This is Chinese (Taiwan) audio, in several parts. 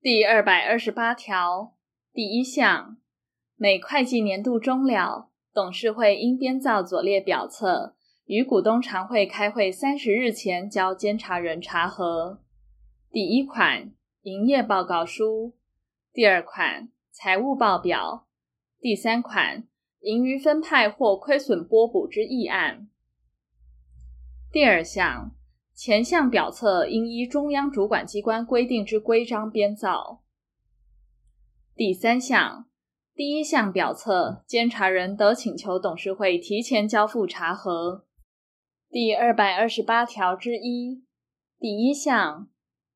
第二百二十八條第一項，每會計年度終了，董事會應編造左列表冊，於股東常會開會三十日前交監察人查核。第一款營業報告書，第二款財務報表，第三款盈餘分派或虧損撥補之議案。第二項。前項表冊應依中央主管機關規定之規章編造。第三項，第一項表冊，監察人得請求董事會提前交付查核。第二百二十八條之一第一項，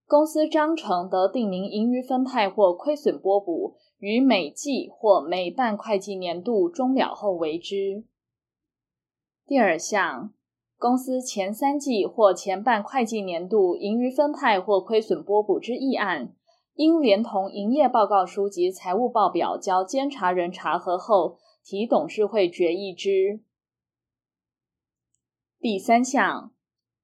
公司章程得訂明盈餘分派或虧損撥補於每季或每半會計年度終了後為之。第二項。公司前三季或前半會計年度盈餘分派或虧損撥補之議案，應連同營業報告書及財務報表交監察人查核後，提董事會決議之。第三項，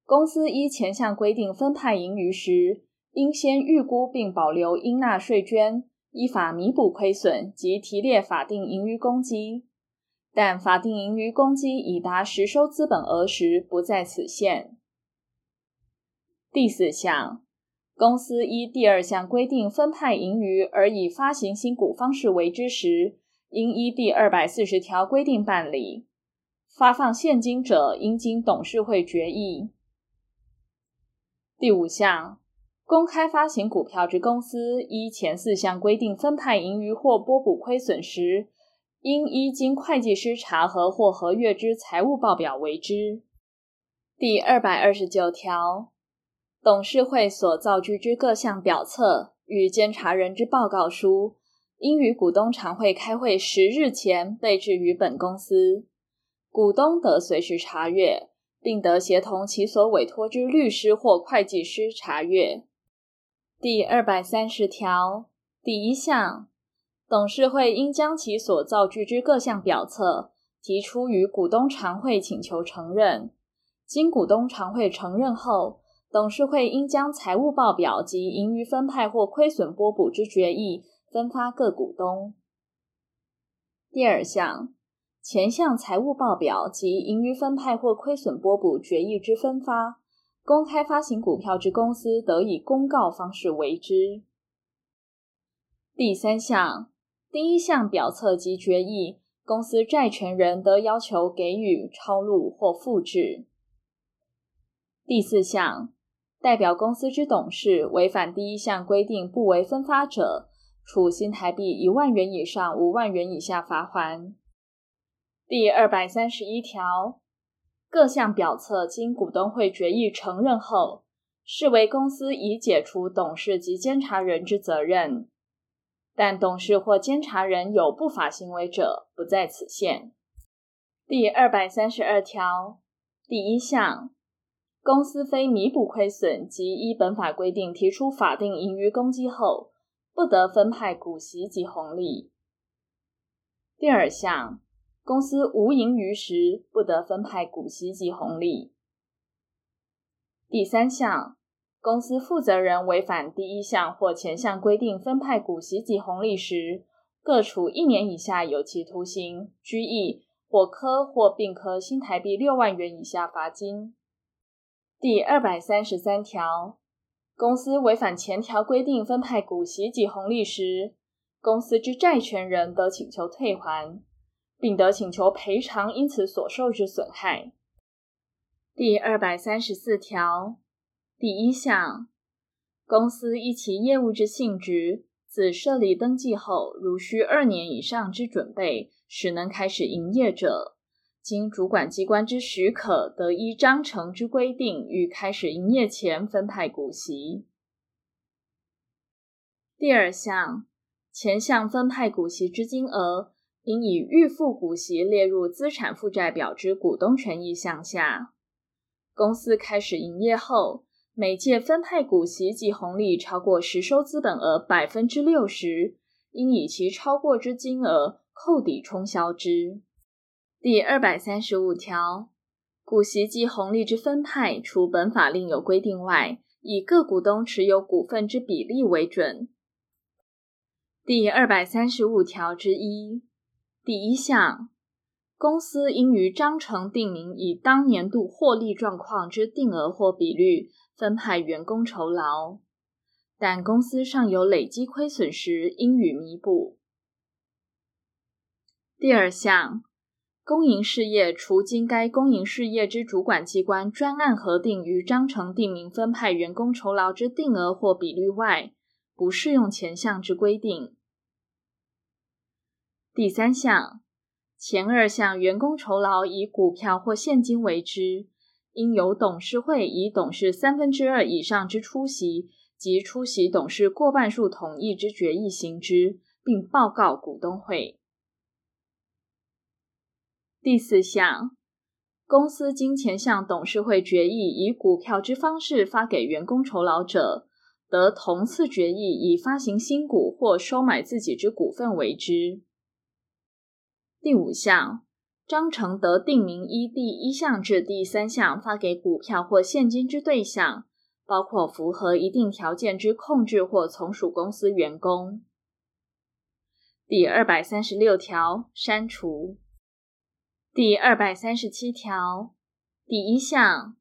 公司依前項規定分派盈餘時，應先預估並保留應納稅捐，依法彌補虧損及提列法定盈餘公積。但法定盈餘公積已達實收資本額時，不在此限。第四項，公司依第二項規定分派盈餘而以發行新股方式為之時，應依第二百四十條規定辦理。發放現金者，應經董事會決議。第五項，公開發行股票之公司依前四項規定分派盈餘或撥補虧損時，應依經會計師查核或核閱之財務報表為之。第二百二十九條，董事會所造具之各項表冊與監察人之報告書，應於股東常會開會十日前備置於本公司。股東得隨時查閱，並得協同其所委託之律師或會計師查閱。第二百三十條第一項。董事會應將其所造具之各項表冊提出於股東常會請求承認，經股東常會承認後，董事會應將財務報表及盈餘分派或虧損撥補之決議分發各股東。第二項，前項財務報表及盈餘分派或虧損撥補決議之分發，公開發行股票之公司得以公告方式為之。第三項。第一項表冊及決議，公司債權人得要求給予抄錄或複製。第四項，代表公司之董事違反第一項規定不為分發者，處新台幣一萬元以上五萬元以下罰鍰。第二百三十一條，各項表冊經股東會決議承認後，視為公司已解除董事及監察人之責任。但董事或監察人有不法行為者，不在此限。第二百三十二條第一項，公司非彌補虧損及依本法規定提出法定盈餘公積後，不得分派股息及紅利。第二項，公司無盈餘時，不得分派股息及紅利。第三項。公司負責人違反第一項或前項規定分派股息及紅利時，各處一年以下有期徒刑、拘役或科或併科新台幣六萬元以下罰金。第二百三十三條，公司違反前條規定分派股息及紅利時，公司之債權人得請求退還，並得請求賠償因此所受之損害。第二百三十四條。第一項，公司依其業務之性質，自設立登記後如需二年以上之準備始能開始營業者，經主管機關之許可，得依章程之規定，於開始營業前分派股息。第二項，前項分派股息之金額，應以預付股息列入資產負債表之股東權益項下。公司開始營業後。每屆分派股息及紅利超過實收資本額百分之六十，應以其超過之金額扣抵沖銷之。第二百三十五條，股息及紅利之分派，除本法另有規定外，以各股東持有股份之比例為準。第二百三十五條之一，第一項。公司應於章程訂明，以當年度獲利狀況之定額或比率分派員工酬勞，但公司尚有累積虧損時，應予彌補。第二項，公營事業除經該公營事業之主管機關專案核定於章程訂明分派員工酬勞之定額或比率外，不適用前項之規定。第三項。前二項員工酬勞以股票或現金為之，應由董事會以董事三分之二以上之出席，及出席董事過半數同意之決議行之，並報告股東會。第四項，公司經前項董事會決議以股票之方式發給員工酬勞者，得同次決議以發行新股或收買自己之股份為之。第五項，章程得定名依第一項至第三項發給股票或現金之對象，包括符合一定條件之控制或從屬公司員工。第二百三十六條刪除。第二百三十七條第一項，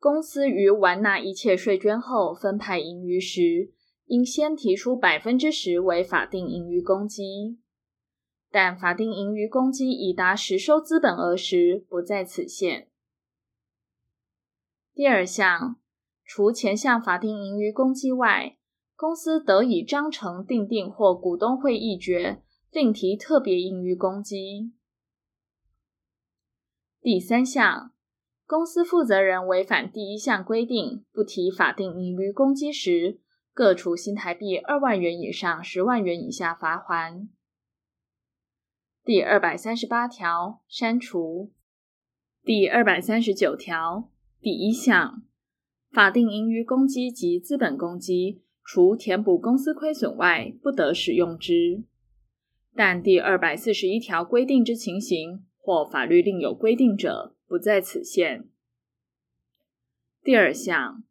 公司於完納一切稅捐後分派盈餘時，應先提出百分之十為法定盈餘公積。但法定盈餘公積已達實收資本額時，不在此限。第二項，除前項法定盈餘公積外，公司得以章程訂定或股東會議決，另提特別盈餘公積。第三項，公司負責人違反第一項規定，不提法定盈餘公積時，各處新臺幣二萬元以上十萬元以下罰鍰。第二百三十八條刪除。第二百三十九條第一項，法定盈餘公積及資本公積，除填補公司虧損外，不得使用之；但第二百四十一條規定之情形或法律另有規定者，不在此限。第二項，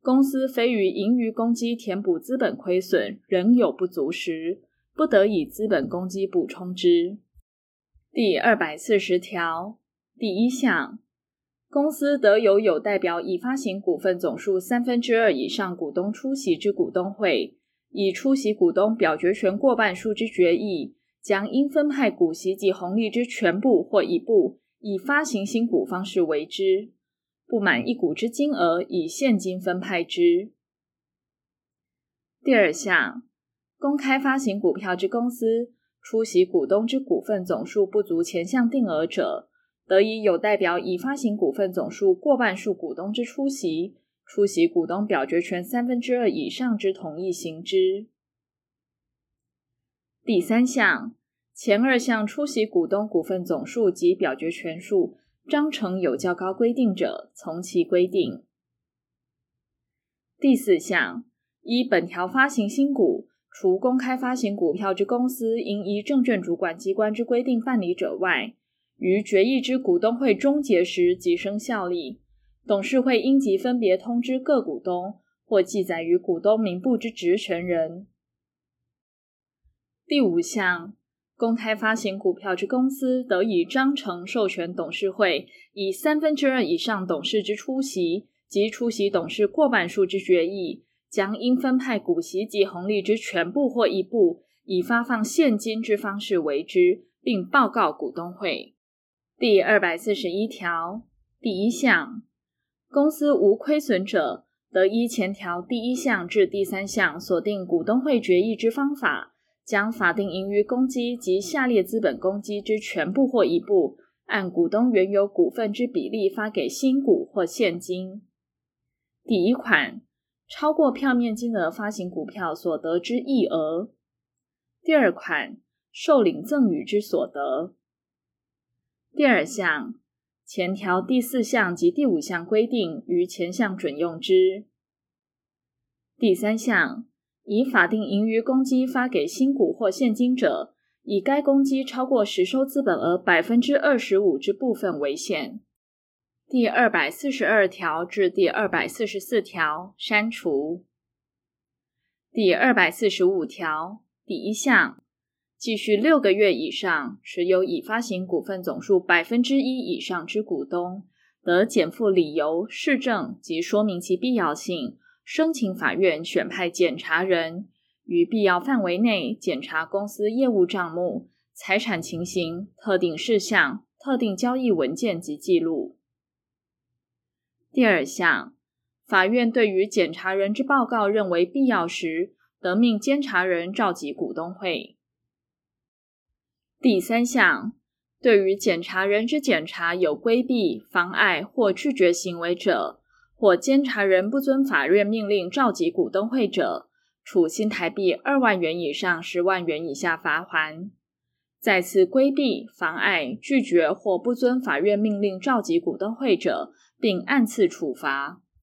公司非於盈餘公積填補資本虧損仍有不足時，不得以資本公積補充之。第二百四十條第一項，公司得由有有代表已發行股份總數三分之二以上股東出席之股東會，以出席股東表決權過半數之決議，將應分派股息及紅利之全部或一部，以發行新股方式為之；不滿一股之金額，以現金分派之。第二項，公開發行股票之公司。出席股東之股份總數不足前項定額者，得以有代表已發行股份總數過半數股東之出席，出席股東表決權三分之二以上之同意行之。第三項，前二項出席股東股份總數及表決權數，章程有較高規定者，從其規定。第四項，依本條發行新股，除公開發行股票之公司應依證券主管機關之規定辦理者外，於決議之股東會終結時即生效力。董事會應即分別通知各股東或記載於股東名簿之質權人。第五項，公開發行股票之公司得以章程授權董事會以，以三分之二以上董事之出席及出席董事過半數之決議。將應分派股息及紅利之全部或一部，以發放現金之方式為之，並報告股東會。第二百四十一條第一項，公司無虧損者，得依前條第一項至第三項所定股東會決議之方法，將法定盈餘公積及下列資本公積之全部或一部，按股東原有股份之比例發給新股或現金。第一款。超過票面金額發行股票所得之溢額。第二款，受領贈與之所得。第二項，前條第四項及第五項規定於前項準用之。第三項，以法定盈餘公積發給新股或現金者，以該公積超過實收資本額百分之二十五之部分為限。第二百四十二條至第二百四十四條刪除。第二百四十五條第一項，繼續六個月以上持有已發行股份總數百分之一以上之股東，得檢附理由、事證及說明其必要性，申請法院選派檢查人於必要範圍內檢查公司業務賬目、財產情形、特定事項、特定交易文件及記錄。第二項，法院對於檢查人之報告認為必要時，得命監察人召集股東會。第三項，對於檢查人之檢查有規避、妨礙或拒絕行為者，或監察人不遵法院命令召集股東會者，處新台幣二萬元以上十萬元以下罰鍰。再次規避、妨礙、拒絕或不遵法院命令召集股東會者，並按次處罰。